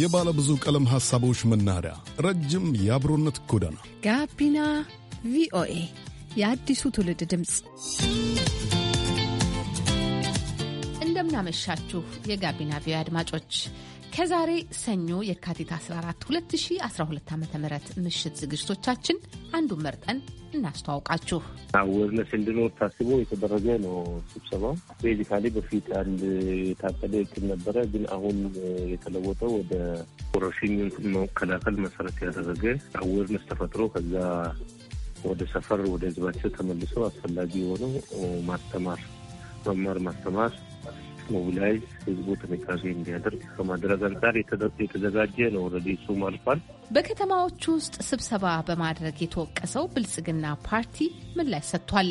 የባለ ብዙ ቀለም ሐሳቦች መናኸሪያ፣ ረጅም የአብሮነት ጎዳና ጋቢና ቪኦኤ የአዲሱ ትውልድ ድምፅ። እንደምናመሻችሁ የጋቢና ቪኦኤ አድማጮች ከዛሬ ሰኞ የካቲት 14 2012 ዓ ም ምሽት ዝግጅቶቻችን አንዱን መርጠን እናስተዋውቃችሁ። አዌርነስ እንድኖር ታስቦ የተደረገ ነው ስብሰባው። ቤዚካሊ በፊት አንድ የታቀደ እቅድ ነበረ፣ ግን አሁን የተለወጠው ወደ ወረርሽኙን መከላከል መሰረት ያደረገ አዌርነስ ተፈጥሮ ከዛ ወደ ሰፈር ወደ ህዝባቸው ተመልሶ አስፈላጊ የሆነው ማስተማር መማር ማስተማር ላይ ህዝቡ ጥንቃቄ እንዲያደርግ ከማድረግ አንጻር የተዘጋጀ ነው። ኦልሬዲ እሱም አልፏል። በከተማዎች ውስጥ ስብሰባ በማድረግ የተወቀሰው ብልጽግና ፓርቲ ምላሽ ሰጥቷል።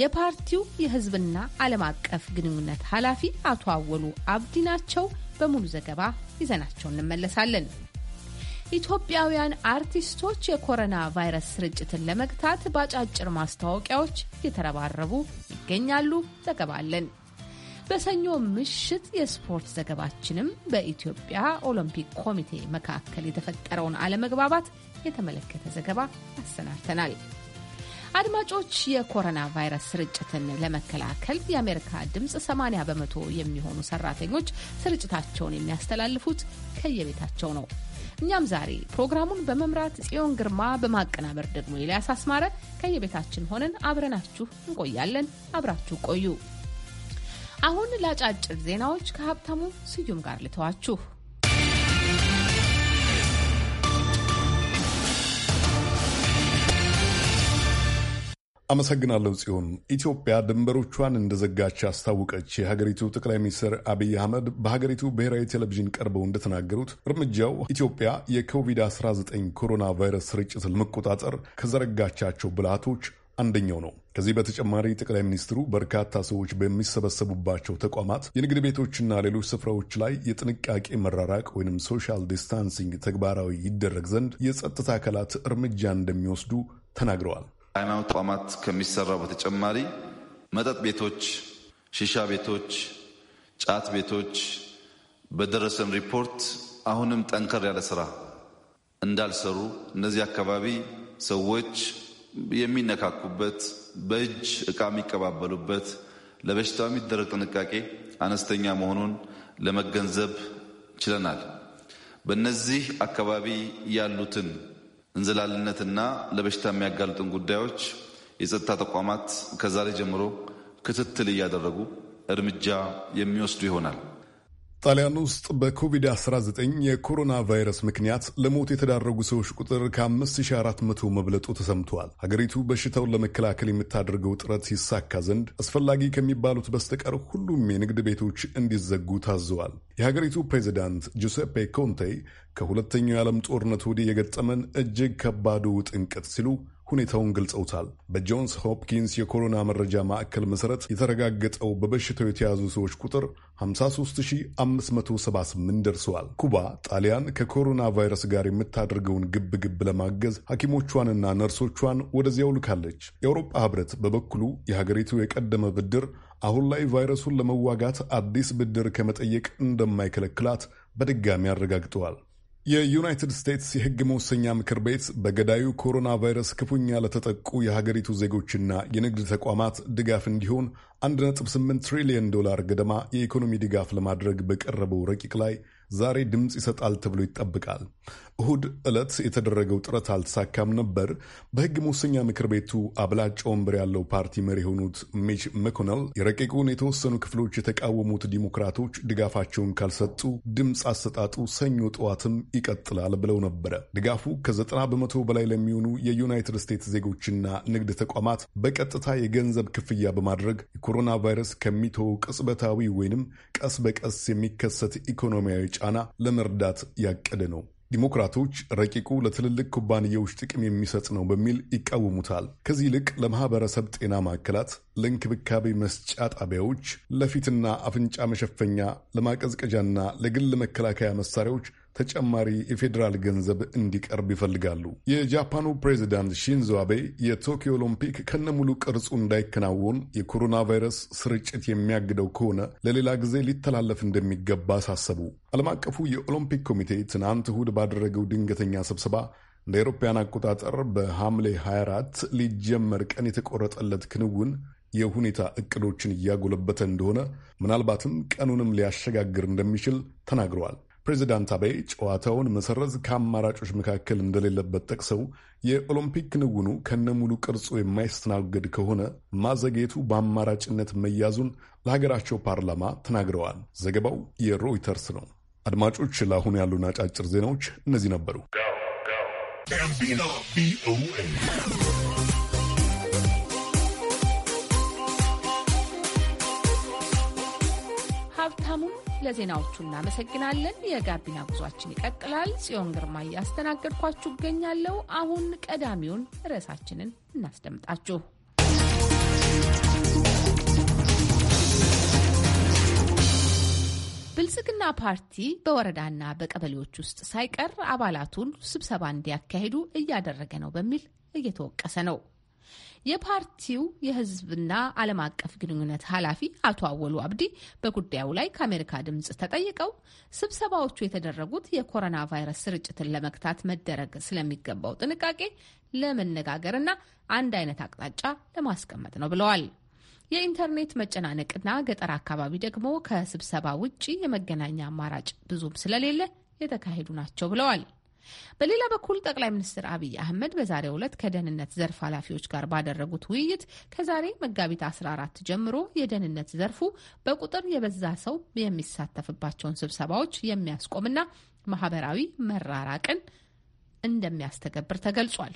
የፓርቲው የህዝብና ዓለም አቀፍ ግንኙነት ኃላፊ አቶ አወሉ አብዲ ናቸው። በሙሉ ዘገባ ይዘናቸው እንመለሳለን። ኢትዮጵያውያን አርቲስቶች የኮሮና ቫይረስ ስርጭትን ለመግታት በአጫጭር ማስታወቂያዎች እየተረባረቡ ይገኛሉ። ዘገባ አለን። በሰኞ ምሽት የስፖርት ዘገባችንም በኢትዮጵያ ኦሎምፒክ ኮሚቴ መካከል የተፈጠረውን አለመግባባት የተመለከተ ዘገባ አሰናድተናል። አድማጮች፣ የኮሮና ቫይረስ ስርጭትን ለመከላከል የአሜሪካ ድምፅ 80 በመቶ የሚሆኑ ሰራተኞች ስርጭታቸውን የሚያስተላልፉት ከየቤታቸው ነው። እኛም ዛሬ ፕሮግራሙን በመምራት ጽዮን ግርማ፣ በማቀናበር ደግሞ ኤልያስ አስማረ ከየቤታችን ሆነን አብረናችሁ እንቆያለን። አብራችሁ ቆዩ። አሁን ለአጫጭር ዜናዎች ከሀብታሙ ስዩም ጋር ልተዋችሁ። አመሰግናለሁ ጽዮን። ኢትዮጵያ ድንበሮቿን እንደዘጋች አስታወቀች። የሀገሪቱ ጠቅላይ ሚኒስትር አብይ አህመድ በሀገሪቱ ብሔራዊ ቴሌቪዥን ቀርበው እንደተናገሩት እርምጃው ኢትዮጵያ የኮቪድ-19 ኮሮና ቫይረስ ስርጭትን ለመቆጣጠር ከዘረጋቻቸው ብልሃቶች አንደኛው ነው። ከዚህ በተጨማሪ ጠቅላይ ሚኒስትሩ በርካታ ሰዎች በሚሰበሰቡባቸው ተቋማት፣ የንግድ ቤቶችና ሌሎች ስፍራዎች ላይ የጥንቃቄ መራራቅ ወይም ሶሻል ዲስታንሲንግ ተግባራዊ ይደረግ ዘንድ የጸጥታ አካላት እርምጃ እንደሚወስዱ ተናግረዋል። ሃይማኖት ተቋማት ከሚሰራው በተጨማሪ መጠጥ ቤቶች፣ ሺሻ ቤቶች፣ ጫት ቤቶች በደረሰን ሪፖርት አሁንም ጠንከር ያለ ስራ እንዳልሰሩ እነዚህ አካባቢ ሰዎች የሚነካኩበት፣ በእጅ እቃ የሚቀባበሉበት፣ ለበሽታው የሚደረግ ጥንቃቄ አነስተኛ መሆኑን ለመገንዘብ ችለናል። በእነዚህ አካባቢ ያሉትን እንዝላልነትና ለበሽታ የሚያጋልጡን ጉዳዮች የጸጥታ ተቋማት ከዛሬ ጀምሮ ክትትል እያደረጉ እርምጃ የሚወስዱ ይሆናል። ጣሊያን ውስጥ በኮቪድ-19 የኮሮና ቫይረስ ምክንያት ለሞት የተዳረጉ ሰዎች ቁጥር ከ5400 መብለጡ ተሰምተዋል። ሀገሪቱ በሽታውን ለመከላከል የምታደርገው ጥረት ይሳካ ዘንድ አስፈላጊ ከሚባሉት በስተቀር ሁሉም የንግድ ቤቶች እንዲዘጉ ታዘዋል። የሀገሪቱ ፕሬዚዳንት ጁሴፔ ኮንቴ ከሁለተኛው የዓለም ጦርነት ወዲህ የገጠመን እጅግ ከባዱ ጥንቅት ሲሉ ሁኔታውን ገልጸውታል። በጆንስ ሆፕኪንስ የኮሮና መረጃ ማዕከል መሠረት የተረጋገጠው በበሽታው የተያዙ ሰዎች ቁጥር 53578 ደርሰዋል። ኩባ ጣሊያን ከኮሮና ቫይረስ ጋር የምታደርገውን ግብ ግብ ለማገዝ ሐኪሞቿንና ነርሶቿን ወደዚያው ልካለች። የአውሮፓ ህብረት በበኩሉ የሀገሪቱ የቀደመ ብድር አሁን ላይ ቫይረሱን ለመዋጋት አዲስ ብድር ከመጠየቅ እንደማይከለክላት በድጋሚ አረጋግጠዋል። የዩናይትድ ስቴትስ የሕግ መወሰኛ ምክር ቤት በገዳዩ ኮሮና ቫይረስ ክፉኛ ለተጠቁ የሀገሪቱ ዜጎችና የንግድ ተቋማት ድጋፍ እንዲሆን 1.8 ትሪሊየን ዶላር ገደማ የኢኮኖሚ ድጋፍ ለማድረግ በቀረበው ረቂቅ ላይ ዛሬ ድምፅ ይሰጣል ተብሎ ይጠብቃል። እሁድ ዕለት የተደረገው ጥረት አልተሳካም ነበር። በሕግ መወሰኛ ምክር ቤቱ አብላጫ ወንበር ያለው ፓርቲ መሪ የሆኑት ሚች መኮነል የረቂቁን የተወሰኑ ክፍሎች የተቃወሙት ዲሞክራቶች ድጋፋቸውን ካልሰጡ ድምፅ አሰጣጡ ሰኞ ጠዋትም ይቀጥላል ብለው ነበረ። ድጋፉ ከዘጠና በመቶ በላይ ለሚሆኑ የዩናይትድ ስቴትስ ዜጎችና ንግድ ተቋማት በቀጥታ የገንዘብ ክፍያ በማድረግ የኮሮና ቫይረስ ከሚተወው ቅጽበታዊ ወይንም ቀስ በቀስ የሚከሰት ኢኮኖሚያዊ ጫና ለመርዳት ያቀደ ነው። ዲሞክራቶች ረቂቁ ለትልልቅ ኩባንያዎች ጥቅም የሚሰጥ ነው በሚል ይቃወሙታል። ከዚህ ይልቅ ለማህበረሰብ ጤና ማዕከላት፣ ለእንክብካቤ መስጫ ጣቢያዎች፣ ለፊትና አፍንጫ መሸፈኛ፣ ለማቀዝቀዣና ለግል መከላከያ መሳሪያዎች ተጨማሪ የፌዴራል ገንዘብ እንዲቀርብ ይፈልጋሉ። የጃፓኑ ፕሬዚዳንት ሺንዞ አቤ የቶኪዮ ኦሎምፒክ ከነሙሉ ቅርጹ እንዳይከናወን የኮሮና ቫይረስ ስርጭት የሚያግደው ከሆነ ለሌላ ጊዜ ሊተላለፍ እንደሚገባ አሳሰቡ። ዓለም አቀፉ የኦሎምፒክ ኮሚቴ ትናንት እሁድ ባደረገው ድንገተኛ ስብሰባ እንደ አውሮፓውያን አቆጣጠር በሐምሌ 24 ሊጀመር ቀን የተቆረጠለት ክንውን የሁኔታ እቅዶችን እያጎለበተ እንደሆነ ምናልባትም ቀኑንም ሊያሸጋግር እንደሚችል ተናግረዋል። ፕሬዚዳንት አበይ ጨዋታውን መሰረዝ ከአማራጮች መካከል እንደሌለበት ጠቅሰው የኦሎምፒክ ክንውኑ ከነሙሉ ቅርጹ የማይስተናገድ ከሆነ ማዘግየቱ በአማራጭነት መያዙን ለሀገራቸው ፓርላማ ተናግረዋል። ዘገባው የሮይተርስ ነው። አድማጮች፣ ለአሁኑ ያሉን አጫጭር ዜናዎች እነዚህ ነበሩ። ለዜናዎቹ እናመሰግናለን። የጋቢና ጉዟችን ይቀጥላል። ጽዮን ግርማ እያስተናገድኳችሁ እገኛለሁ። አሁን ቀዳሚውን ርዕሳችንን እናስደምጣችሁ። ብልጽግና ፓርቲ በወረዳና በቀበሌዎች ውስጥ ሳይቀር አባላቱን ስብሰባ እንዲያካሂዱ እያደረገ ነው በሚል እየተወቀሰ ነው። የፓርቲው የህዝብና ዓለም አቀፍ ግንኙነት ኃላፊ አቶ አወሉ አብዲ በጉዳዩ ላይ ከአሜሪካ ድምፅ ተጠይቀው ስብሰባዎቹ የተደረጉት የኮሮና ቫይረስ ስርጭትን ለመግታት መደረግ ስለሚገባው ጥንቃቄ ለመነጋገርና አንድ አይነት አቅጣጫ ለማስቀመጥ ነው ብለዋል። የኢንተርኔት መጨናነቅና ገጠር አካባቢ ደግሞ ከስብሰባ ውጪ የመገናኛ አማራጭ ብዙም ስለሌለ የተካሄዱ ናቸው ብለዋል። በሌላ በኩል ጠቅላይ ሚኒስትር አብይ አህመድ በዛሬው ዕለት ከደህንነት ዘርፍ ኃላፊዎች ጋር ባደረጉት ውይይት ከዛሬ መጋቢት 14 ጀምሮ የደህንነት ዘርፉ በቁጥር የበዛ ሰው የሚሳተፍባቸውን ስብሰባዎች የሚያስቆምና ማህበራዊ መራራቅን እንደሚያስተገብር ተገልጿል።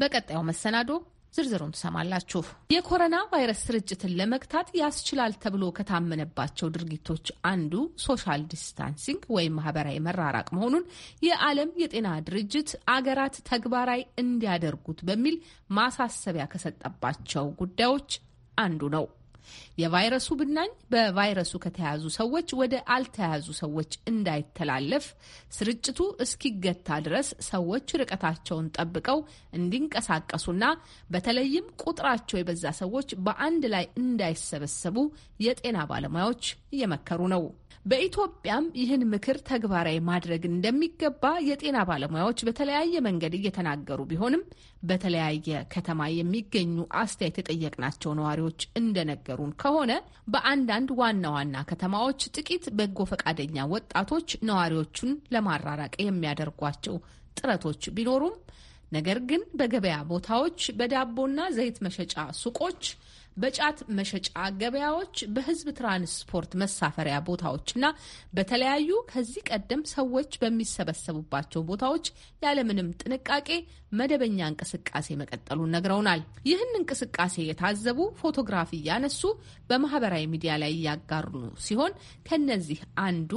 በቀጣዩ መሰናዶ ዝርዝሩን ትሰማላችሁ። የኮሮና ቫይረስ ስርጭትን ለመግታት ያስችላል ተብሎ ከታመነባቸው ድርጊቶች አንዱ ሶሻል ዲስታንሲንግ ወይም ማህበራዊ መራራቅ መሆኑን የዓለም የጤና ድርጅት አገራት ተግባራዊ እንዲያደርጉት በሚል ማሳሰቢያ ከሰጠባቸው ጉዳዮች አንዱ ነው። የቫይረሱ ብናኝ በቫይረሱ ከተያዙ ሰዎች ወደ አልተያዙ ሰዎች እንዳይተላለፍ ስርጭቱ እስኪገታ ድረስ ሰዎች ርቀታቸውን ጠብቀው እንዲንቀሳቀሱና በተለይም ቁጥራቸው የበዛ ሰዎች በአንድ ላይ እንዳይሰበሰቡ የጤና ባለሙያዎች እየመከሩ ነው። በኢትዮጵያም ይህን ምክር ተግባራዊ ማድረግ እንደሚገባ የጤና ባለሙያዎች በተለያየ መንገድ እየተናገሩ ቢሆንም በተለያየ ከተማ የሚገኙ አስተያየት የጠየቅናቸው ነዋሪዎች እንደነገሩን ከሆነ በአንዳንድ ዋና ዋና ከተማዎች ጥቂት በጎ ፈቃደኛ ወጣቶች ነዋሪዎቹን ለማራራቅ የሚያደርጓቸው ጥረቶች ቢኖሩም ነገር ግን በገበያ ቦታዎች፣ በዳቦና ዘይት መሸጫ ሱቆች በጫት መሸጫ ገበያዎች፣ በህዝብ ትራንስፖርት መሳፈሪያ ቦታዎችና በተለያዩ ከዚህ ቀደም ሰዎች በሚሰበሰቡባቸው ቦታዎች ያለምንም ጥንቃቄ መደበኛ እንቅስቃሴ መቀጠሉን ነግረውናል። ይህን እንቅስቃሴ የታዘቡ ፎቶግራፍ እያነሱ በማህበራዊ ሚዲያ ላይ እያጋሩ ሲሆን ከነዚህ አንዱ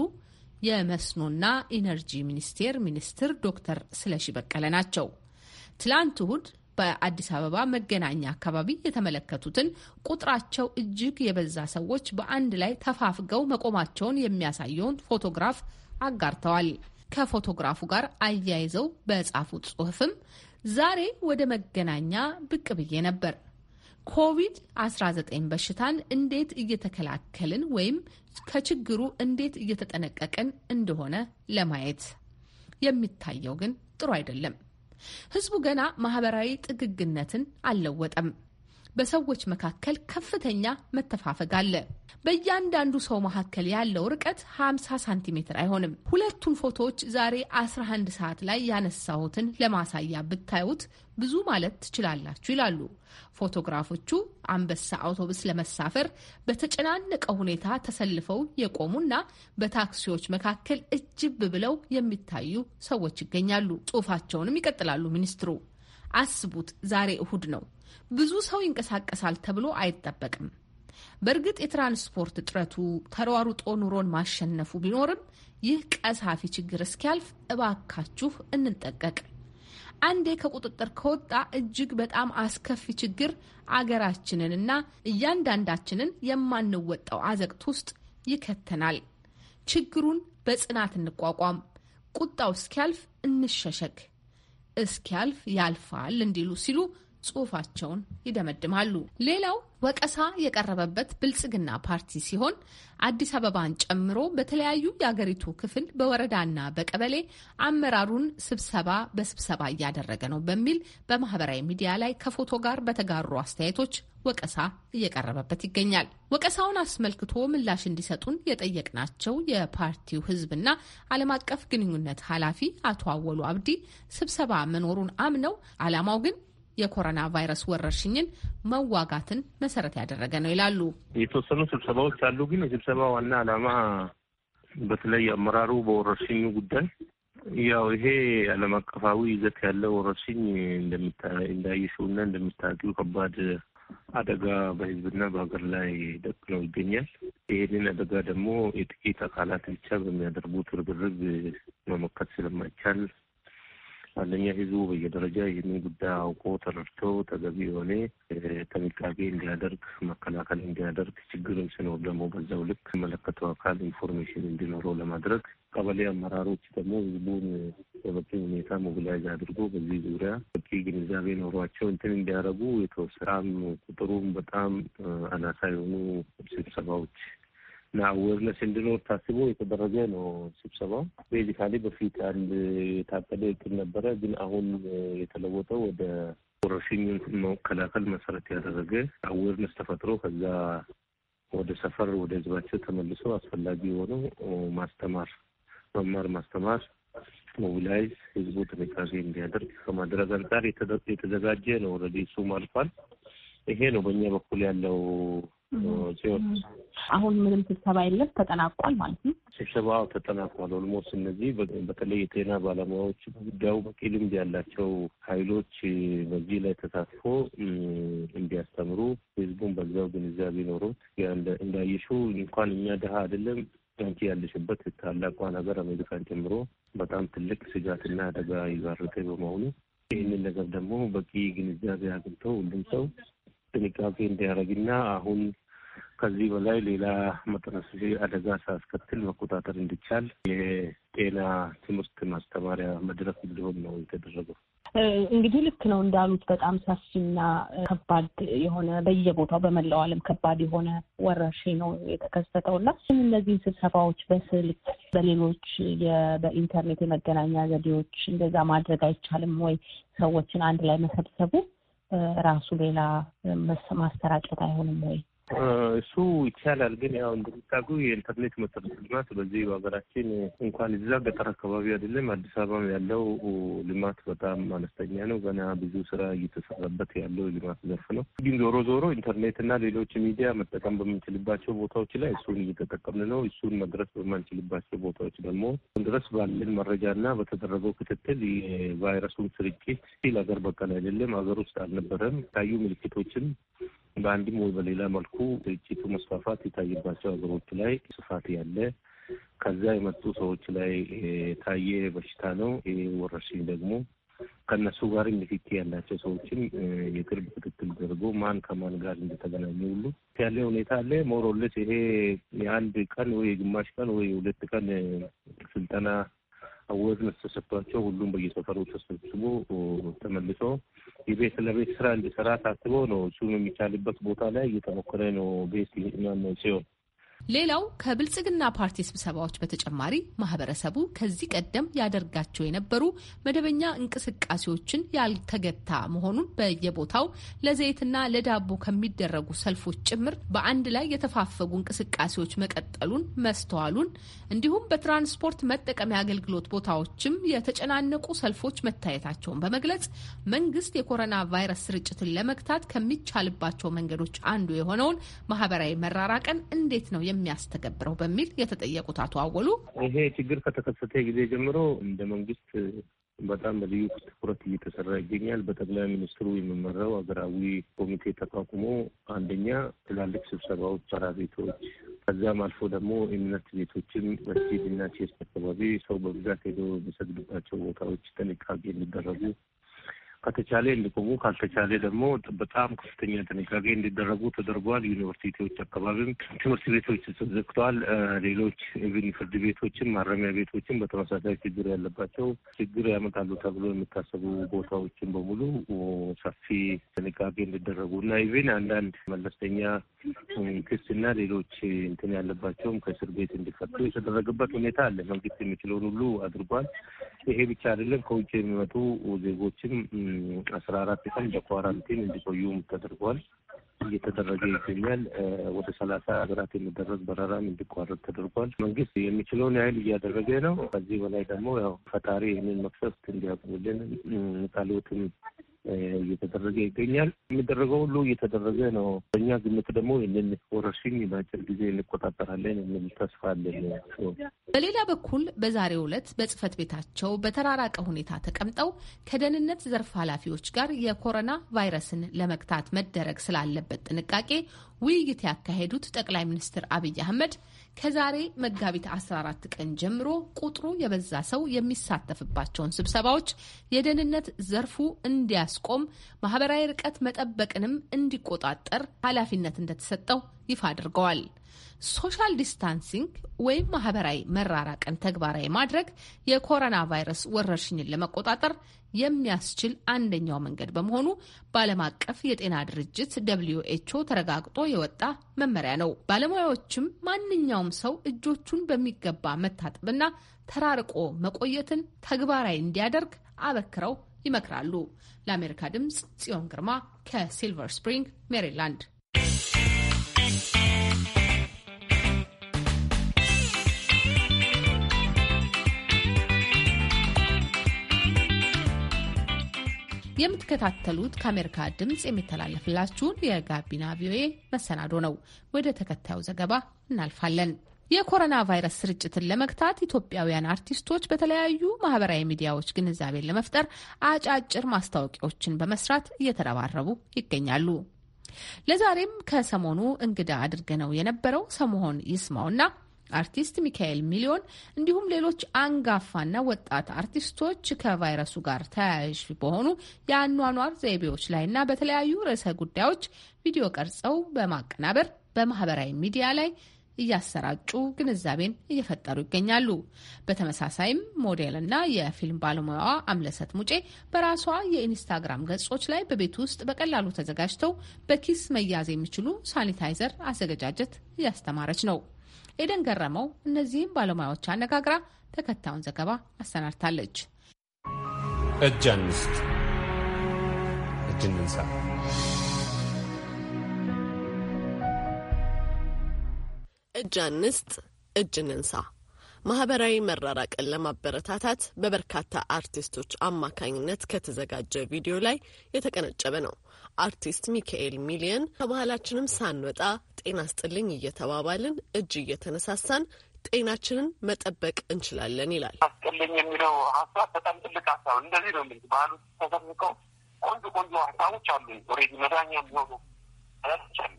የመስኖና ኢነርጂ ሚኒስቴር ሚኒስትር ዶክተር ስለሺ በቀለ ናቸው። ትላንት እሁድ በአዲስ አበባ መገናኛ አካባቢ የተመለከቱትን ቁጥራቸው እጅግ የበዛ ሰዎች በአንድ ላይ ተፋፍገው መቆማቸውን የሚያሳየውን ፎቶግራፍ አጋርተዋል። ከፎቶግራፉ ጋር አያይዘው በጻፉት ጽሑፍም ዛሬ ወደ መገናኛ ብቅ ብዬ ነበር። ኮቪድ-19 በሽታን እንዴት እየተከላከልን ወይም ከችግሩ እንዴት እየተጠነቀቅን እንደሆነ ለማየት የሚታየው ግን ጥሩ አይደለም። ህዝቡ ገና ማህበራዊ ጥግግነትን አልለወጠም። በሰዎች መካከል ከፍተኛ መተፋፈግ አለ። በእያንዳንዱ ሰው መካከል ያለው ርቀት 50 ሳንቲሜትር አይሆንም። ሁለቱን ፎቶዎች ዛሬ 11 ሰዓት ላይ ያነሳሁትን ለማሳያ ብታዩት ብዙ ማለት ትችላላችሁ ይላሉ። ፎቶግራፎቹ አንበሳ አውቶቡስ ለመሳፈር በተጨናነቀ ሁኔታ ተሰልፈው የቆሙና በታክሲዎች መካከል እጅብ ብለው የሚታዩ ሰዎች ይገኛሉ። ጽሑፋቸውንም ይቀጥላሉ ሚኒስትሩ አስቡት፣ ዛሬ እሁድ ነው። ብዙ ሰው ይንቀሳቀሳል ተብሎ አይጠበቅም። በእርግጥ የትራንስፖርት እጥረቱ ተሯሩጦ ኑሮን ማሸነፉ ቢኖርም ይህ ቀሳፊ ችግር እስኪያልፍ እባካችሁ እንጠቀቅ። አንዴ ከቁጥጥር ከወጣ እጅግ በጣም አስከፊ ችግር አገራችንንና እያንዳንዳችንን የማንወጣው አዘቅት ውስጥ ይከተናል። ችግሩን በጽናት እንቋቋም። ቁጣው እስኪያልፍ እንሸሸግ። እስኪያልፍ ያልፋል እንዲሉ ሲሉ ጽሑፋቸውን ይደመድማሉ። ሌላው ወቀሳ የቀረበበት ብልጽግና ፓርቲ ሲሆን አዲስ አበባን ጨምሮ በተለያዩ የአገሪቱ ክፍል በወረዳና በቀበሌ አመራሩን ስብሰባ በስብሰባ እያደረገ ነው በሚል በማህበራዊ ሚዲያ ላይ ከፎቶ ጋር በተጋሩ አስተያየቶች ወቀሳ እየቀረበበት ይገኛል። ወቀሳውን አስመልክቶ ምላሽ እንዲሰጡን የጠየቅናቸው የፓርቲው ህዝብና ዓለም አቀፍ ግንኙነት ኃላፊ አቶ አወሉ አብዲ ስብሰባ መኖሩን አምነው ዓላማው ግን የኮሮና ቫይረስ ወረርሽኝን መዋጋትን መሰረት ያደረገ ነው ይላሉ። የተወሰኑ ስብሰባዎች አሉ። ግን የስብሰባ ዋና ዓላማ በተለይ አመራሩ በወረርሽኙ ጉዳይ ያው ይሄ ዓለም አቀፋዊ ይዘት ያለው ወረርሽኝ እንዳየሽውና እንደምታውቂው ከባድ አደጋ በህዝብና በሀገር ላይ ደቅኖ ይገኛል። ይህንን አደጋ ደግሞ የጥቂት አካላት ብቻ በሚያደርጉት ርብርብ መመከት ስለማይቻል አንደኛ ህዝቡ በየደረጃ ይህንን ጉዳይ አውቆ ተረድቶ ተገቢ የሆነ ጥንቃቄ እንዲያደርግ መከላከል እንዲያደርግ ችግርም ሲኖር ደግሞ በዛው ልክ መለከተው አካል ኢንፎርሜሽን እንዲኖረው ለማድረግ ቀበሌ አመራሮች ደግሞ ህዝቡን በበቂ ሁኔታ ሞቢላይዝ አድርጎ በዚህ ዙሪያ በቂ ግንዛቤ ኖሯቸው እንትን እንዲያደረጉ የተወሰራም ቁጥሩም በጣም አናሳ የሆኑ ስብሰባዎች እና አዌርነስ እንዲኖር ታስቦ የተደረገ ነው ስብሰባው። ቤዚካሊ በፊት አንድ የታቀደ እቅድ ነበረ፣ ግን አሁን የተለወጠው ወደ ወረርሽኙን መከላከል መሰረት ያደረገ አዌርነስ ተፈጥሮ ከዛ ወደ ሰፈር ወደ ህዝባቸው ተመልሶ አስፈላጊ የሆነው ማስተማር፣ መማር ማስተማር ሞቢላይዝ ህዝቡ ጥንቃቄ እንዲያደርግ ከማድረግ አንጻር የተዘጋጀ ነው። ረዲ እሱም አልፏል። ይሄ ነው በእኛ በኩል ያለው አሁን ምንም ስብሰባ የለም፣ ተጠናቋል ማለት ነው። ስብሰባ ተጠናቋል። ኦልሞስት እነዚህ በተለይ የጤና ባለሙያዎች ጉዳዩ በቂ ልምድ ያላቸው ኃይሎች በዚህ ላይ ተሳትፎ እንዲያስተምሩ ህዝቡን በዛው ግንዛቤ ኖሮት እንዳየሹ እንኳን እኛ ድሀ አይደለም አንቺ ያለሽበት ታላቋ ነገር አሜሪካን ጀምሮ በጣም ትልቅ ስጋትና አደጋ ይዛረቀ በመሆኑ ይህንን ነገር ደግሞ በቂ ግንዛቤ አግኝተው ሁሉም ሰው ጥንቃቄ እንዲያደርግና አሁን ከዚህ በላይ ሌላ መጠነ ሰፊ አደጋ ሳያስከትል መቆጣጠር እንዲቻል የጤና ትምህርት ማስተማሪያ መድረክ እንዲሆን ነው የተደረገው። እንግዲህ ልክ ነው እንዳሉት በጣም ሰፊና ከባድ የሆነ በየቦታው በመላው ዓለም ከባድ የሆነ ወረርሽኝ ነው የተከሰተው እና እነዚህን ስብሰባዎች በስልክ በሌሎች በኢንተርኔት የመገናኛ ዘዴዎች እንደዛ ማድረግ አይቻልም ወይ? ሰዎችን አንድ ላይ መሰብሰቡ ራሱ ሌላ ማሰራጨት አይሆንም ወይ? እሱ ይቻላል። ግን ያው እንደሚታጉ የኢንተርኔት መሰረተ ልማት በዚህ በሀገራችን እንኳን እዛ ገጠር አካባቢ አይደለም አዲስ አበባም ያለው ልማት በጣም አነስተኛ ነው። ገና ብዙ ስራ እየተሰራበት ያለው ልማት ዘርፍ ነው። ግን ዞሮ ዞሮ ኢንተርኔትና ሌሎች ሚዲያ መጠቀም በምንችልባቸው ቦታዎች ላይ እሱን እየተጠቀምን ነው። እሱን መድረስ በማንችልባቸው ቦታዎች ደግሞ ድረስ ባለን መረጃና በተደረገው ክትትል የቫይረሱን ስርጭት ሲል ሀገር በቀል አይደለም፣ ሀገር ውስጥ አልነበረም። ታዩ ምልክቶችን በአንድም ወይ በሌላ መልኩ ግጭቱ መስፋፋት የታየባቸው ሀገሮች ላይ ስፋት ያለ ከዛ የመጡ ሰዎች ላይ የታየ በሽታ ነው። ይህ ወረርሽኝ ደግሞ ከእነሱ ጋር ንክኪ ያላቸው ሰዎችም የቅርብ ክትትል ደርጎ ማን ከማን ጋር እንደተገናኘ ሁሉ ያለ ሁኔታ አለ። ሞሮለስ ይሄ የአንድ ቀን ወይ የግማሽ ቀን ወይ የሁለት ቀን ስልጠና አዌርነስ ተሰጥቷቸው ሁሉም በየሰፈሩ ተሰብስቦ ተመልሶ የቤት ለቤት ስራ እንዲሰራ ታስቦ ነው። እሱም የሚቻልበት ቦታ ላይ እየተሞከረ ነው። ቤት ሲሆን ሌላው ከብልጽግና ፓርቲ ስብሰባዎች በተጨማሪ ማህበረሰቡ ከዚህ ቀደም ያደርጋቸው የነበሩ መደበኛ እንቅስቃሴዎችን ያልተገታ መሆኑን በየቦታው ለዘይትና ለዳቦ ከሚደረጉ ሰልፎች ጭምር በአንድ ላይ የተፋፈጉ እንቅስቃሴዎች መቀጠሉን መስተዋሉን እንዲሁም በትራንስፖርት መጠቀሚያ አገልግሎት ቦታዎችም የተጨናነቁ ሰልፎች መታየታቸውን በመግለጽ መንግስት የኮሮና ቫይረስ ስርጭትን ለመግታት ከሚቻልባቸው መንገዶች አንዱ የሆነውን ማህበራዊ መራራቀን እንዴት ነው የሚያስተገብረው በሚል የተጠየቁት አቶ አወሉ ይሄ ችግር ከተከሰተ ጊዜ ጀምሮ እንደ መንግስት በጣም በልዩ ትኩረት እየተሰራ ይገኛል። በጠቅላይ ሚኒስትሩ የሚመራው ሀገራዊ ኮሚቴ ተቋቁሞ አንደኛ ትላልቅ ስብሰባዎች፣ ሰራ ቤቶች፣ ከዚያም አልፎ ደግሞ እምነት ቤቶችን መስጊድ ቼስ አካባቢ ሰው በብዛት ሄዶ የሚሰግድባቸው ቦታዎች ጥንቃቄ የሚደረጉ ከተቻለ እንዲቆሙ ካልተቻለ ደግሞ በጣም ከፍተኛ ጥንቃቄ እንዲደረጉ ተደርጓል። ዩኒቨርሲቲዎች አካባቢም ትምህርት ቤቶች ተዘግተዋል። ሌሎች ኢቭን ፍርድ ቤቶችን፣ ማረሚያ ቤቶችን በተመሳሳይ ችግር ያለባቸው ችግር ያመጣሉ ተብሎ የሚታሰቡ ቦታዎችን በሙሉ ሰፊ ጥንቃቄ እንዲደረጉ እና ኢቭን አንዳንድ መለስተኛ ክስና ሌሎች እንትን ያለባቸውም ከእስር ቤት እንዲፈቱ የተደረገበት ሁኔታ አለ። መንግስት የሚችለውን ሁሉ አድርጓል። ይሄ ብቻ አይደለም። ከውጭ የሚመጡ ዜጎችም አስራ አራት ቀን በኳራንቲን እንዲቆዩም ተደርጓል፣ እየተደረገ ይገኛል። ወደ ሰላሳ ሀገራት የሚደረግ በረራም እንዲቋረጥ ተደርጓል። መንግስት የሚችለውን ያህል እያደረገ ነው። ከዚህ በላይ ደግሞ ያው ፈጣሪ ይህንን መቅሰፍት እንዲያቆምልን ቃልዎትም እየተደረገ ይገኛል። የሚደረገው ሁሉ እየተደረገ ነው። በእኛ ግምት ደግሞ ይህንን ወረርሽኝ በአጭር ጊዜ እንቆጣጠራለን የሚል ተስፋ አለን። በሌላ በኩል በዛሬው ዕለት በጽህፈት ቤታቸው በተራራቀ ሁኔታ ተቀምጠው ከደህንነት ዘርፍ ኃላፊዎች ጋር የኮሮና ቫይረስን ለመግታት መደረግ ስላለበት ጥንቃቄ ውይይት ያካሄዱት ጠቅላይ ሚኒስትር አብይ አህመድ ከዛሬ መጋቢት 14 ቀን ጀምሮ ቁጥሩ የበዛ ሰው የሚሳተፍባቸውን ስብሰባዎች የደህንነት ዘርፉ እንዲያስቆም፣ ማህበራዊ ርቀት መጠበቅንም እንዲቆጣጠር ኃላፊነት እንደተሰጠው ይፋ አድርገዋል። ሶሻል ዲስታንሲንግ ወይም ማህበራዊ መራራቅን ተግባራዊ ማድረግ የኮሮና ቫይረስ ወረርሽኝን ለመቆጣጠር የሚያስችል አንደኛው መንገድ በመሆኑ በዓለም አቀፍ የጤና ድርጅት ደብልዩ ኤችኦ ተረጋግጦ የወጣ መመሪያ ነው። ባለሙያዎችም ማንኛውም ሰው እጆቹን በሚገባ መታጠብና ተራርቆ መቆየትን ተግባራዊ እንዲያደርግ አበክረው ይመክራሉ። ለአሜሪካ ድምፅ ጽዮን ግርማ ከሲልቨር ስፕሪንግ ሜሪላንድ የምትከታተሉት ከአሜሪካ ድምፅ የሚተላለፍላችሁን የጋቢና ቪኦኤ መሰናዶ ነው። ወደ ተከታዩ ዘገባ እናልፋለን። የኮሮና ቫይረስ ስርጭትን ለመግታት ኢትዮጵያውያን አርቲስቶች በተለያዩ ማህበራዊ ሚዲያዎች ግንዛቤን ለመፍጠር አጫጭር ማስታወቂያዎችን በመስራት እየተረባረቡ ይገኛሉ። ለዛሬም ከሰሞኑ እንግዳ አድርገነው የነበረው ሰሞሆን ይስማውና አርቲስት ሚካኤል ሚሊዮን እንዲሁም ሌሎች አንጋፋና ወጣት አርቲስቶች ከቫይረሱ ጋር ተያያዥ በሆኑ የአኗኗር ዘይቤዎች ላይና በተለያዩ ርዕሰ ጉዳዮች ቪዲዮ ቀርጸው በማቀናበር በማህበራዊ ሚዲያ ላይ እያሰራጩ ግንዛቤን እየፈጠሩ ይገኛሉ። በተመሳሳይም ሞዴልና የፊልም ባለሙያዋ አምለሰት ሙጬ በራሷ የኢንስታግራም ገጾች ላይ በቤት ውስጥ በቀላሉ ተዘጋጅተው በኪስ መያዝ የሚችሉ ሳኒታይዘር አዘገጃጀት እያስተማረች ነው። ኤደን ገረመው እነዚህም ባለሙያዎች አነጋግራ ተከታዩን ዘገባ አሰናድታለች። እጅ አንስት፣ እጅ እንንሳ። እጅ አንስት፣ እጅ እንንሳ ማህበራዊ መራራቅን ለማበረታታት በበርካታ አርቲስቶች አማካኝነት ከተዘጋጀ ቪዲዮ ላይ የተቀነጨበ ነው። አርቲስት ሚካኤል ሚሊየን ከባህላችንም ሳንወጣ ጤና ስጥልኝ እየተባባልን እጅ እየተነሳሳን ጤናችንን መጠበቅ እንችላለን ይላል። ስጥልኝ የሚለው ሀሳብ በጣም ትልቅ ሀሳብ እንደዚህ ነው። ምን ባህሉ ተሰንቀው ቆንጆ ቆንጆ ሀሳቦች አሉ። ኦልሬዲ መዳኛ የሚሆኑ ሀሳቦች አሉ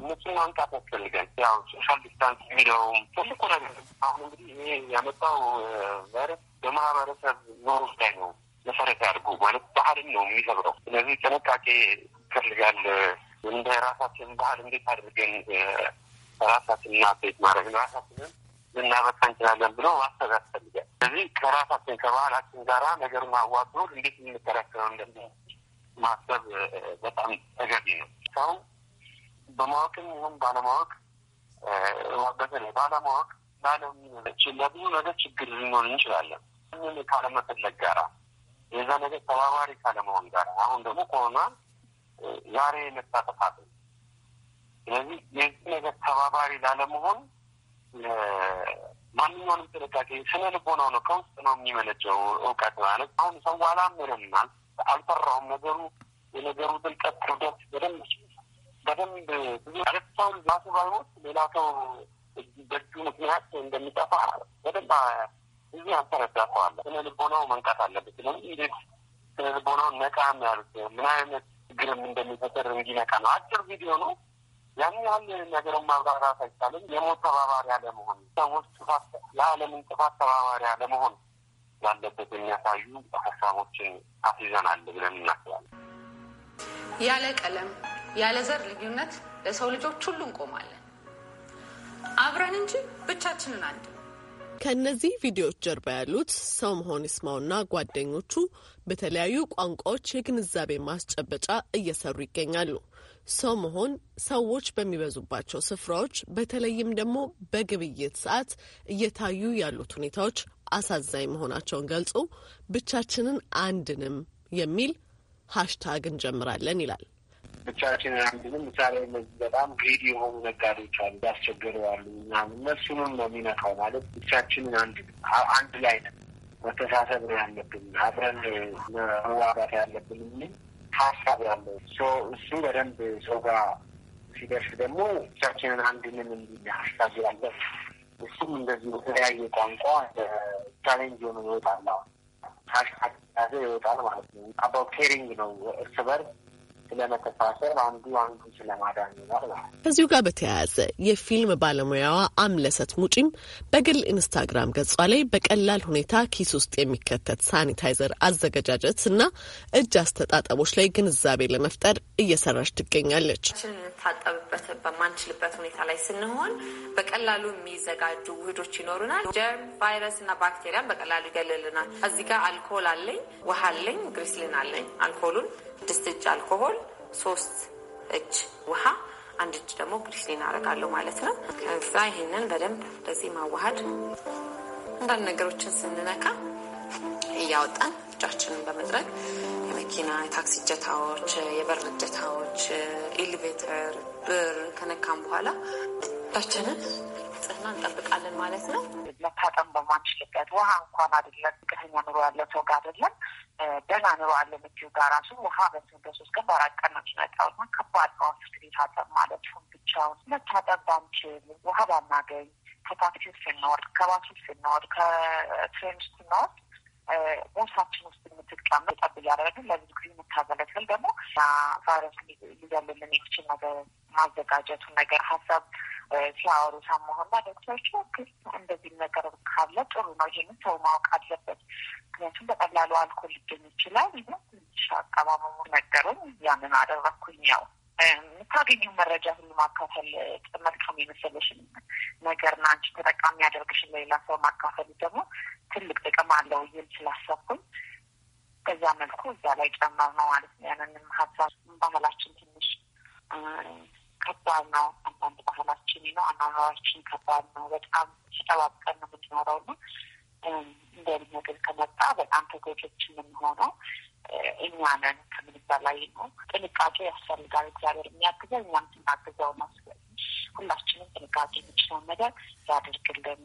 እነሱን ማምጣት ያስፈልጋል። ያው ሶሻል ዲስታንስ የሚለውም ትልቁ ነገር አሁን እንግዲህ ይሄ ያመጣው ቫይረስ በማህበረሰብ ኖሩ ላይ ነው መሰረት ያድርጉ ማለት ባህልን ነው የሚሰብረው። ስለዚህ ጥንቃቄ ይፈልጋል። እንደ ራሳችን ባህል እንዴት አድርገን ራሳችንን አቤት ማድረግ ራሳችንን ልናበቃ እንችላለን ብሎ ማሰብ ያስፈልጋል። ስለዚህ ከራሳችን ከባህላችን ጋራ ነገሩን አዋጥሮ እንዴት የምንከራከረው እንደሚ ማሰብ በጣም ተገቢ ነው ሰው በማወቅም ይሁን ባለማወቅ በተለይ ባለማወቅ ባለሚኖች ለብዙ ነገር ችግር ሊኖር እንችላለን። ምን ካለመፈለግ ጋራ የዛ ነገር ተባባሪ ካለመሆን ጋር አሁን ደግሞ ኮሮና ዛሬ የመጣ ጥፋት። ስለዚህ የዚህ ነገር ተባባሪ ላለመሆን ማንኛውንም ጥንቃቄ ስነ ልቦናው ነው፣ ከውስጥ ነው የሚመነጨው እውቀት ማለት አሁን ሰው አላምንም አልፈራውም ነገሩ የነገሩ ጥልቀት ክብደት በደንብ በደንብ ራሱ ባይሞት ሌላ ሰው በእጁ ምክንያት እንደሚጠፋ በደንብ እዚህ ስነ ልቦናው መንቃት አለበት። ስለዚህ ስነ ነቃ ምን አይነት ችግርም እንደሚፈጠር እንዲነቃ ነው። አጭር ቪዲዮ ነው። ያን ያህል ነገርን ማብራራት አይቻልም። የሞት ተባባሪ አለመሆን፣ ሰዎች ጥፋት ጥፋት ተባባሪ አለመሆን ያለበት የሚያሳዩ ሀሳቦችን አስይዘናል ብለን እናስባለን። ያለ ቀለም ያለ ዘር ልዩነት ለሰው ልጆች ሁሉ እንቆማለን አብረን እንጂ ብቻችንን አንድ። ከእነዚህ ቪዲዮዎች ጀርባ ያሉት ሰው መሆን ይስማውና ጓደኞቹ በተለያዩ ቋንቋዎች የግንዛቤ ማስጨበጫ እየሰሩ ይገኛሉ። ሰው መሆን ሰዎች በሚበዙባቸው ስፍራዎች በተለይም ደግሞ በግብይት ሰዓት እየታዩ ያሉት ሁኔታዎች አሳዛኝ መሆናቸውን ገልጾ ብቻችንን አንድንም የሚል ሀሽታግ እንጀምራለን ይላል። ብቻችን አንድንም ምሳሌ እነዚህ በጣም ግሪድ የሆኑ ነጋዴዎች አሉ፣ ያስቸገሩ አሉ። እነሱንም ነው የሚነካው። ማለት ብቻችንን አንድ አንድ ላይ ነን፣ መተሳሰብ ነው ያለብን፣ አብረን መዋጋት ያለብን የሚል ሀሳብ ያለው እሱ በደንብ ሰው ጋር ሲደርስ ደግሞ ብቻችንን አንድንም እንዲ ሀሳብ ያለ እሱም እንደዚህ በተለያየ ቋንቋ ቻሌንጅ ሆኖ ይወጣል። ሀሳብ ያዘ ይወጣል ማለት ነው። አባው ኬሪንግ ነው እርስ በርስ ስለመተሳሰር አንዱ አንዱ ስለማዳን ይኖር ማለት ነው። ከዚሁ ጋር በተያያዘ የፊልም ባለሙያዋ አምለሰት ሙጪም በግል ኢንስታግራም ገጿ ላይ በቀላል ሁኔታ ኪስ ውስጥ የሚከተት ሳኒታይዘር አዘገጃጀት እና እጅ አስተጣጠቦች ላይ ግንዛቤ ለመፍጠር እየሰራች ትገኛለች። ታጠብበት በማንችልበት ሁኔታ ላይ ስንሆን በቀላሉ የሚዘጋጁ ውህዶች ይኖሩናል። ጀርም፣ ቫይረስ እና ባክቴሪያን በቀላሉ ይገልልናል። እዚህ ጋር አልኮል አለኝ፣ ውሃ አለኝ፣ ግሪስሊን አለኝ። አልኮሉን ስድስት እጅ አልኮሆል፣ ሶስት እጅ ውሃ፣ አንድ እጅ ደግሞ ግሊሲን አደርጋለሁ ማለት ነው። ከዛ ይህንን በደንብ እንደዚህ ማዋሃድ አንዳንድ ነገሮችን ስንነካ እያወጣን እጃችንን በመጥረግ የመኪና የታክሲ እጀታዎች፣ የበር እጀታዎች፣ ኤሌቬተር ብር ከነካም በኋላ እጃችንን ንጽህና እንጠብቃለን ማለት ነው። መታጠም በማንችልበት ውሃ እንኳን አይደለም ዝቅተኛ ኑሮ ያለው ሰው ጋር አይደለም ደህና ኑሮ አለ ምችው ጋር ራሱ ውሃ በስን በሶስት ቀን በአራት ቀን ነው የሚመጣው እና ከባድ ነው። ሆስፒታል ማለት ሁን ብቻውን መታጠም ባንችል ውሃ ባናገኝ ከታክሲ ስንወርድ፣ ከባሱ ስንወርድ፣ ከትሬን ስንወርድ ቦርሳችን ውስጥ የምትቀመ ጠብ እያደረግን ለብዙ ጊዜ የምታገለግል ደግሞ ቫይረስ ሊዘልልን የሚችል ነገር ማዘጋጀቱን ነገር ሀሳብ ሲያወሩ ሰማሁና ዶክተሮች ክስ እንደዚህ ነገር ካለ ጥሩ ነው፣ ይህን ሰው ማወቅ አለበት። ምክንያቱም በቀላሉ አልኮል ሊገኝ ይችላል። ይህ ትንሽ አቀማመሙ ነገሩን ያንን አደረግኩኝ። ያው የምታገኘው መረጃ ሁሉ ማካፈል መልካም የመሰለሽን ነገርና አንቺ ተጠቃሚ ያደርግሽን ለሌላ ሰው ማካፈል ደግሞ ትልቅ ጥቅም አለው ይል ስላሰብኩኝ በዛ መልኩ እዛ ላይ ጨመር ነው ማለት ነው። ያንንም ሀሳብ ባህላችን ትንሽ ከባድ ነው። አንዳንድ ባህላችን ነው፣ አኗኗራችን ከባድ ነው። በጣም ተጠባብቀን ነው የምትኖረው ነው እንደዚህ ነገር ከመጣ በጣም ተጎጆች የምንሆነው እኛ ነን። ከምን በላይ ነው ጥንቃቄ ያስፈልጋል። እግዚአብሔር የሚያግዘው እኛም ስናግዘው ነው። ሁላችንም ጥንቃቄ የሚችለውን ነገር ያደርግልን።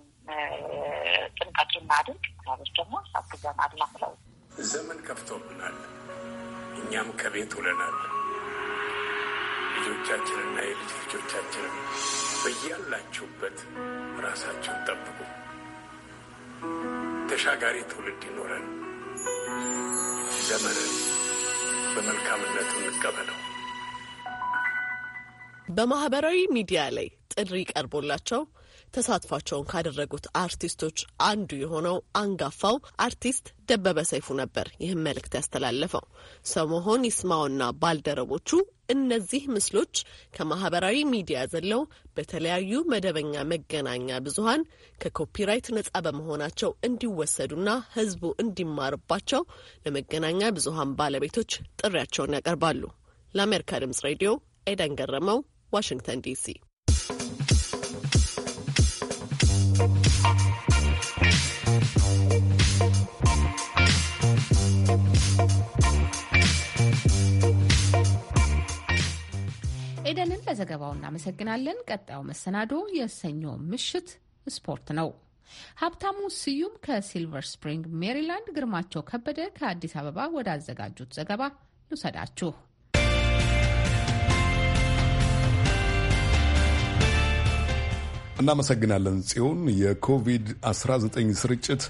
ጥንቃቄ እናድርግ፣ እግዚአብሔር ደግሞ ያግዘናል። ለው ዘመን ከፍቶብናል፣ እኛም ከቤት ውለናል። ልጆቻችንና የልጅ ልጆቻችንም በያላችሁበት ራሳችሁን ጠብቁ። ተሻጋሪ ትውልድ ይኖረን። ዘመንን በመልካምነት እንቀበለው። በማህበራዊ ሚዲያ ላይ ጥሪ ቀርቦላቸው ተሳትፏቸውን ካደረጉት አርቲስቶች አንዱ የሆነው አንጋፋው አርቲስት ደበበ ሰይፉ ነበር ይህም መልእክት ያስተላለፈው። ሰሞሆን ይስማውና ባልደረቦቹ እነዚህ ምስሎች ከማህበራዊ ሚዲያ ዘለው በተለያዩ መደበኛ መገናኛ ብዙሀን ከኮፒራይት ነጻ በመሆናቸው እንዲወሰዱና ህዝቡ እንዲማርባቸው ለመገናኛ ብዙሀን ባለቤቶች ጥሪያቸውን ያቀርባሉ። ለአሜሪካ ድምጽ ሬዲዮ ኤደን ገረመው፣ ዋሽንግተን ዲሲ ኤደንን ለዘገባው እናመሰግናለን። ቀጣዩ መሰናዶ የሰኞ ምሽት ስፖርት ነው። ሀብታሙ ስዩም ከሲልቨር ስፕሪንግ ሜሪላንድ፣ ግርማቸው ከበደ ከአዲስ አበባ ወዳዘጋጁት ዘገባ ልውሰዳችሁ። እናመሰግናለን ጽዮን። የኮቪድ-19 ስርጭት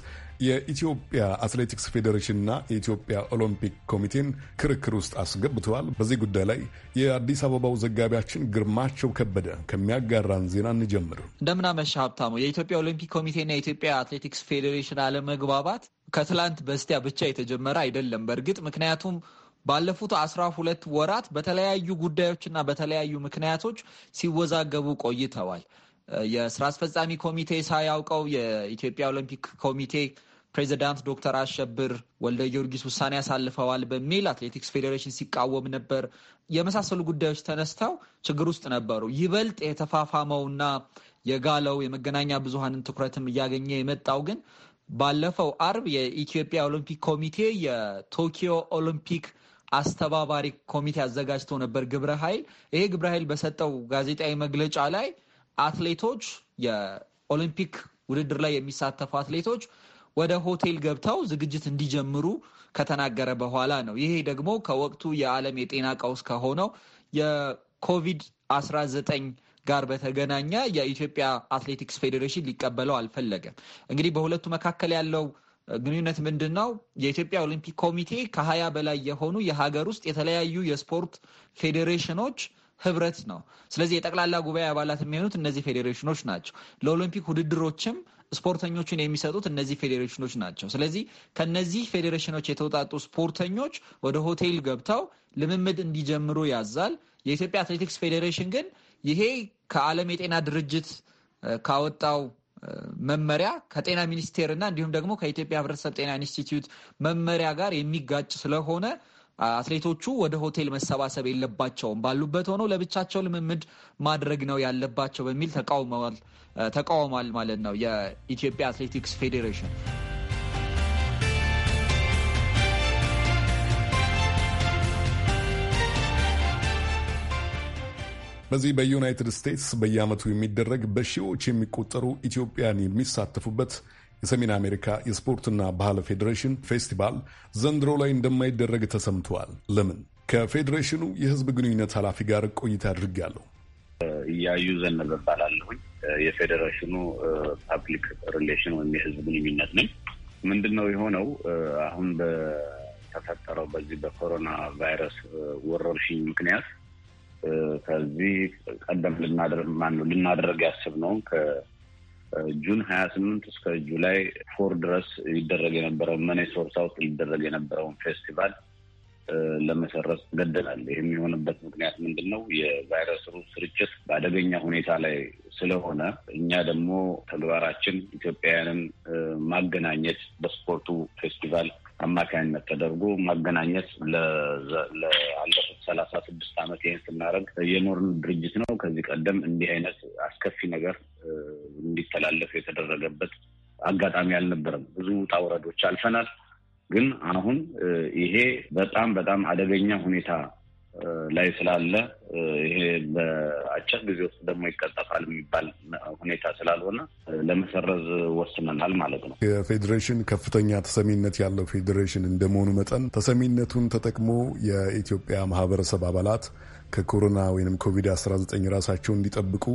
የኢትዮጵያ አትሌቲክስ ፌዴሬሽንና የኢትዮጵያ ኦሎምፒክ ኮሚቴን ክርክር ውስጥ አስገብተዋል። በዚህ ጉዳይ ላይ የአዲስ አበባው ዘጋቢያችን ግርማቸው ከበደ ከሚያጋራን ዜና እንጀምር። እንደምናመሻ ሀብታሙ። የኢትዮጵያ ኦሎምፒክ ኮሚቴና የኢትዮጵያ አትሌቲክስ ፌዴሬሽን አለመግባባት ከትላንት በስቲያ ብቻ የተጀመረ አይደለም። በእርግጥ ምክንያቱም ባለፉት አስራ ሁለት ወራት በተለያዩ ጉዳዮችና በተለያዩ ምክንያቶች ሲወዛገቡ ቆይተዋል። የስራ አስፈጻሚ ኮሚቴ ሳያውቀው የኢትዮጵያ ኦሎምፒክ ኮሚቴ ፕሬዚዳንት ዶክተር አሸብር ወልደ ጊዮርጊስ ውሳኔ ያሳልፈዋል በሚል አትሌቲክስ ፌዴሬሽን ሲቃወም ነበር። የመሳሰሉ ጉዳዮች ተነስተው ችግር ውስጥ ነበሩ። ይበልጥ የተፋፋመውና የጋለው የመገናኛ ብዙሃንን ትኩረትም እያገኘ የመጣው ግን ባለፈው አርብ የኢትዮጵያ ኦሎምፒክ ኮሚቴ የቶኪዮ ኦሎምፒክ አስተባባሪ ኮሚቴ አዘጋጅቶ ነበር ግብረ ኃይል። ይሄ ግብረ ኃይል በሰጠው ጋዜጣዊ መግለጫ ላይ አትሌቶች የኦሎምፒክ ውድድር ላይ የሚሳተፉ አትሌቶች ወደ ሆቴል ገብተው ዝግጅት እንዲጀምሩ ከተናገረ በኋላ ነው። ይሄ ደግሞ ከወቅቱ የዓለም የጤና ቀውስ ከሆነው የኮቪድ 19 ጋር በተገናኘ የኢትዮጵያ አትሌቲክስ ፌዴሬሽን ሊቀበለው አልፈለገም። እንግዲህ በሁለቱ መካከል ያለው ግንኙነት ምንድን ነው? የኢትዮጵያ ኦሊምፒክ ኮሚቴ ከሀያ በላይ የሆኑ የሀገር ውስጥ የተለያዩ የስፖርት ፌዴሬሽኖች ህብረት ነው። ስለዚህ የጠቅላላ ጉባኤ አባላት የሚሆኑት እነዚህ ፌዴሬሽኖች ናቸው። ለኦሎምፒክ ውድድሮችም ስፖርተኞችን የሚሰጡት እነዚህ ፌዴሬሽኖች ናቸው። ስለዚህ ከነዚህ ፌዴሬሽኖች የተውጣጡ ስፖርተኞች ወደ ሆቴል ገብተው ልምምድ እንዲጀምሩ ያዛል። የኢትዮጵያ አትሌቲክስ ፌዴሬሽን ግን ይሄ ከዓለም የጤና ድርጅት ካወጣው መመሪያ ከጤና ሚኒስቴር እና እንዲሁም ደግሞ ከኢትዮጵያ ሕብረተሰብ ጤና ኢንስቲትዩት መመሪያ ጋር የሚጋጭ ስለሆነ አትሌቶቹ ወደ ሆቴል መሰባሰብ የለባቸውም፣ ባሉበት ሆነው ለብቻቸው ልምምድ ማድረግ ነው ያለባቸው በሚል ተቃውመዋል። ተቃውሟል ማለት ነው የኢትዮጵያ አትሌቲክስ ፌዴሬሽን። በዚህ በዩናይትድ ስቴትስ በየዓመቱ የሚደረግ በሺዎች የሚቆጠሩ ኢትዮጵያን የሚሳተፉበት የሰሜን አሜሪካ የስፖርትና ባህል ፌዴሬሽን ፌስቲቫል ዘንድሮ ላይ እንደማይደረግ ተሰምተዋል። ለምን? ከፌዴሬሽኑ የሕዝብ ግንኙነት ኃላፊ ጋር ቆይታ አድርጌያለሁ። እያዩ ዘነበ እባላለሁኝ። የፌዴሬሽኑ ፐብሊክ ሪሌሽን ወይም የህዝብ ግንኙነት ነኝ። ምንድን ነው የሆነው አሁን በተፈጠረው በዚህ በኮሮና ቫይረስ ወረርሽኝ ምክንያት ከዚህ ቀደም ልናደርግ ያሰብነውን ከጁን ሀያ ስምንት እስከ ጁላይ ፎር ድረስ ይደረግ የነበረውን መኔ ውስጥ ሊደረግ የነበረውን ፌስቲቫል ለመሰረት ገደናል። ይህም የሆነበት ምክንያት ምንድን ነው? የቫይረሱ ስርጭት በአደገኛ ሁኔታ ላይ ስለሆነ እኛ ደግሞ ተግባራችን ኢትዮጵያውያንን ማገናኘት በስፖርቱ ፌስቲቫል አማካኝነት ተደርጎ ማገናኘት ለአለፉት ሰላሳ ስድስት ዓመት ይህን ስናደርግ የኖርን ድርጅት ነው። ከዚህ ቀደም እንዲህ አይነት አስከፊ ነገር እንዲተላለፍ የተደረገበት አጋጣሚ አልነበረም። ብዙ ውጣ ውረዶች አልፈናል። ግን አሁን ይሄ በጣም በጣም አደገኛ ሁኔታ ላይ ስላለ ይሄ በአጭር ጊዜ ውስጥ ደግሞ ይቀጠፋል የሚባል ሁኔታ ስላልሆነ ለመሰረዝ ወስነናል ማለት ነው። የፌዴሬሽን ከፍተኛ ተሰሚነት ያለው ፌዴሬሽን እንደመሆኑ መጠን ተሰሚነቱን ተጠቅሞ የኢትዮጵያ ማህበረሰብ አባላት ከኮሮና ወይም ኮቪድ-19 ራሳቸውን እንዲጠብቁ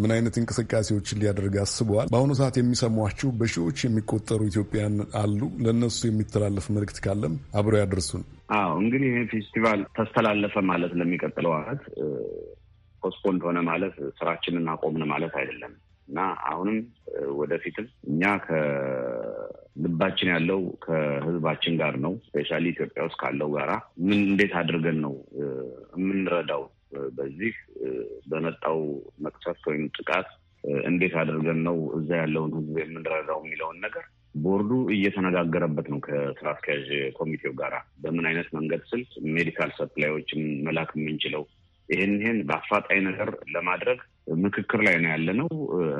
ምን አይነት እንቅስቃሴዎችን ሊያደርግ አስበዋል? በአሁኑ ሰዓት የሚሰሟችሁ በሺዎች የሚቆጠሩ ኢትዮጵያን አሉ። ለእነሱ የሚተላለፍ መልእክት ካለም አብረው ያደርሱን። አዎ እንግዲህ ይህ ፌስቲቫል ተስተላለፈ ማለት ለሚቀጥለው አመት ፖስፖንድ ሆነ ማለት ስራችንን አቆምን ማለት አይደለም እና አሁንም ወደፊትም እኛ ከልባችን ያለው ከህዝባችን ጋር ነው። ስፔሻሊ ኢትዮጵያ ውስጥ ካለው ጋራ ምን እንዴት አድርገን ነው የምንረዳው በዚህ በመጣው መቅሰፍት ወይም ጥቃት እንዴት አድርገን ነው እዛ ያለውን ህዝብ የምንረዳው የሚለውን ነገር ቦርዱ እየተነጋገረበት ነው ከስራ አስኪያጅ ኮሚቴው ጋር በምን አይነት መንገድ ስልት ሜዲካል ሰፕላዮችን መላክ የምንችለው ይህን ይህን በአፋጣኝ ነገር ለማድረግ ምክክር ላይ ነው ያለ ነው።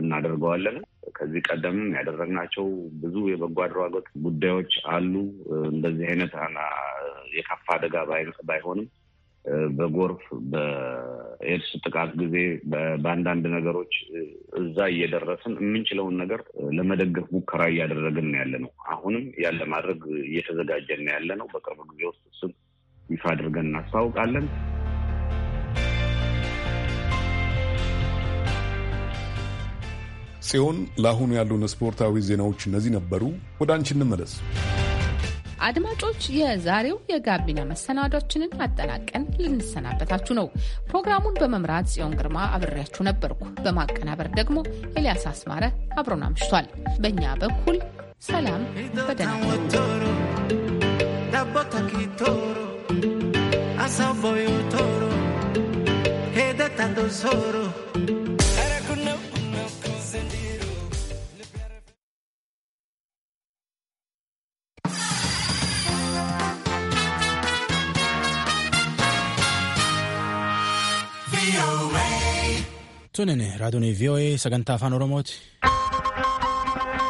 እናደርገዋለን። ከዚህ ቀደምም ያደረግናቸው ብዙ የበጎ አድራጎት ጉዳዮች አሉ። እንደዚህ አይነት የከፋ አደጋ ባይሆንም በጎርፍ በኤድስ ጥቃት ጊዜ በአንዳንድ ነገሮች እዛ እየደረስን የምንችለውን ነገር ለመደገፍ ሙከራ እያደረግን ያለ ነው። አሁንም ያለ ማድረግ እየተዘጋጀን ያለ ነው። በቅርብ ጊዜ ውስጥ እሱን ይፋ አድርገን እናስታውቃለን። ጽዮን፣ ለአሁኑ ያሉን ስፖርታዊ ዜናዎች እነዚህ ነበሩ። ወደ አንቺ እንመለስ። አድማጮች የዛሬው የጋቢና መሰናዷችንን አጠናቀን ልንሰናበታችሁ ነው። ፕሮግራሙን በመምራት ጽዮን ግርማ አብሬያችሁ ነበርኩ። በማቀናበር ደግሞ ኤልያስ አስማረ አብሮን አምሽቷል። በእኛ በኩል ሰላም፣ በደህና tunin raadiyoon VOA sagantaa afaan Oromooti.